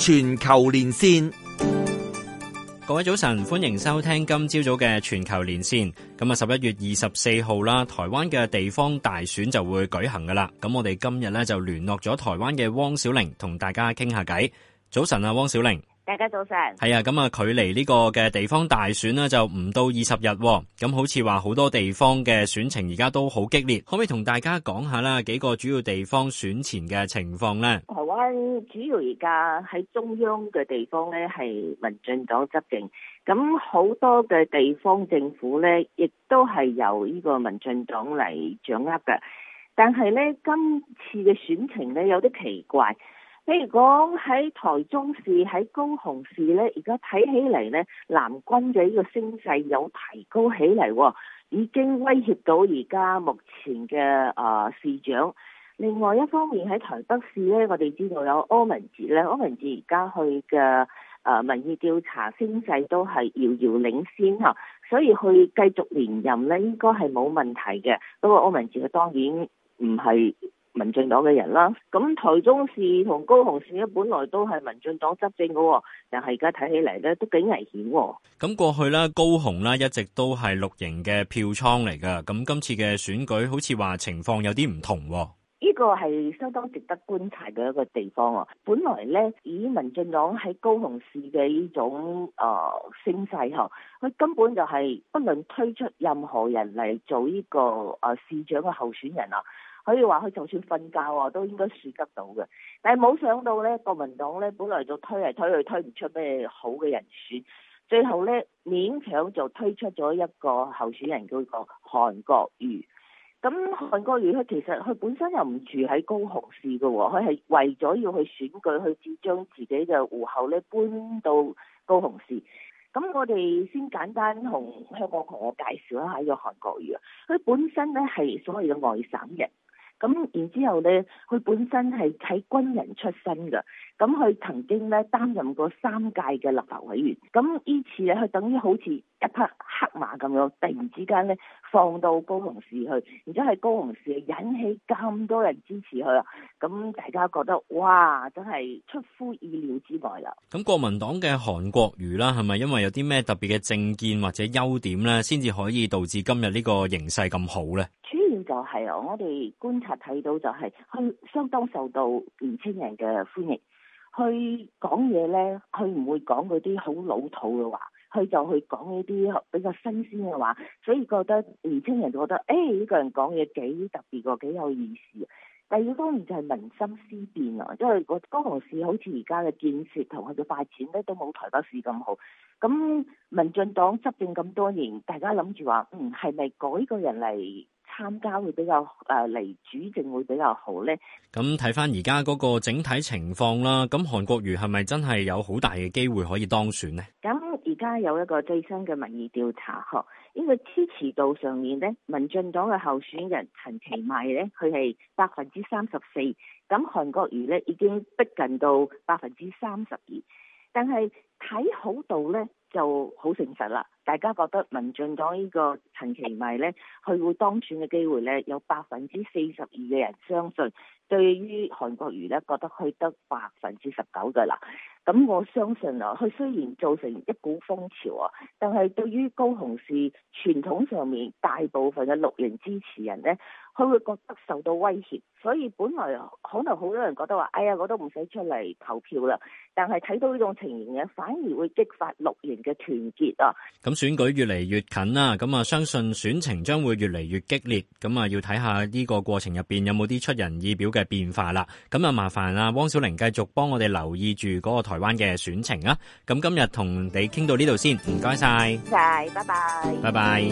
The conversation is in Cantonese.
全球連線，各位早晨，歡迎收聽今朝早嘅全球連線。咁啊，十一月二十四號啦，台灣嘅地方大選就會舉行噶啦。咁我哋今日咧就聯絡咗台灣嘅汪小玲，同大家傾下偈。早晨啊，汪小玲，大家早晨。係啊，咁啊，距離呢個嘅地方大選呢，就唔到二十日，咁好似話好多地方嘅選情而家都好激烈，可唔可以同大家講下啦？幾個主要地方選前嘅情況呢？我主要而家喺中央嘅地方呢，係民進黨執政，咁好多嘅地方政府呢，亦都係由呢個民進黨嚟掌握嘅。但係呢，今次嘅選情呢，有啲奇怪。譬如講喺台中市、喺高雄市呢，而家睇起嚟呢，藍軍嘅呢個聲勢有提高起嚟，哦，已經威脅到而家目前嘅啊、呃、市長。另外一方面喺台北市咧，我哋知道有柯文哲咧，柯文哲而家去嘅誒民意調查聲勢都係遙遙領先吓，所以佢繼續連任咧應，應該係冇問題嘅。不過柯文哲佢當然唔係民進黨嘅人啦。咁台中市同高雄市咧本來都係民進黨執政嘅，但係而家睇起嚟咧都幾危險的。咁過去咧高雄咧一直都係綠營嘅票倉嚟噶，咁今次嘅選舉好似話情況有啲唔同。呢個係相當值得觀察嘅一個地方啊！本來呢，以民進黨喺高雄市嘅呢種誒聲勢，佢根本就係不論推出任何人嚟做呢個誒、呃、市長嘅候選人啊，可以話佢就算瞓覺啊，都應該選得到嘅。但係冇想到呢，國民黨呢，本來就推嚟推去，推唔出咩好嘅人選，最後呢，勉強就推出咗一個候選人叫做韓國瑜。咁韓國瑜佢其實佢本身又唔住喺高雄市喎。佢係為咗要去選舉，佢先將自己嘅戶口咧搬到高雄市。咁我哋先簡單同香港朋友介紹一下呢個韓國瑜啊，佢本身咧係所謂嘅外省人。咁然之後咧，佢本身係喺軍人出身㗎。咁佢曾經咧擔任過三屆嘅立法委員。咁呢次咧，佢等於好似一匹黑馬咁樣，突然之間咧放到高雄市去，然之後喺高雄市引起咁多人支持佢啦。咁大家覺得哇，真係出乎意料之外啦！咁國民黨嘅韓國瑜啦，係咪因為有啲咩特別嘅政見或者優點咧，先至可以導致今日呢個形勢咁好咧？就係我哋觀察睇到，就係佢相當受到年青人嘅歡迎。佢講嘢呢，佢唔會講嗰啲好老土嘅話，佢就去講呢啲比較新鮮嘅話，所以覺得年青人覺得，誒，呢個人講嘢幾特別個，幾有意思。第二方面就係民心思變啊，因為個高雄市好似而家嘅建設同佢嘅發展呢都冇台北市咁好。咁民進黨執政咁多年，大家諗住話，嗯係咪改一個人嚟？參加會比較誒嚟、呃、主政會比較好呢。咁睇返而家嗰個整體情況啦，咁韓國瑜係咪真係有好大嘅機會可以當選呢？咁而家有一個最新嘅民意調查喎，呢個支持度上面呢，民進黨嘅候選人陳其邁呢，佢係百分之三十四，咁韓國瑜呢已經逼近到百分之三十二，但係睇好度呢就好誠實啦。大家覺得民進黨呢個陳其邁呢，佢會當選嘅機會呢，有百分之四十二嘅人相信。對於韓國瑜呢，覺得佢得百分之十九嘅啦。咁我相信啊，佢雖然造成一股風潮啊，但係對於高雄市傳統上面大部分嘅綠營支持人呢，佢會覺得受到威脅。所以本來可能好多人覺得話：哎呀，我都唔使出嚟投票啦。但係睇到呢種情形呢，反而會激發綠營嘅團結啊。選舉越嚟越近啦，咁啊相信選情將會越嚟越激烈，咁啊要睇下呢個過程入邊有冇啲出人意表嘅變化啦。咁啊麻煩啊，汪小玲繼續幫我哋留意住嗰個台灣嘅選情啊。咁今日同你傾到呢度先，唔該晒，拜拜，拜拜。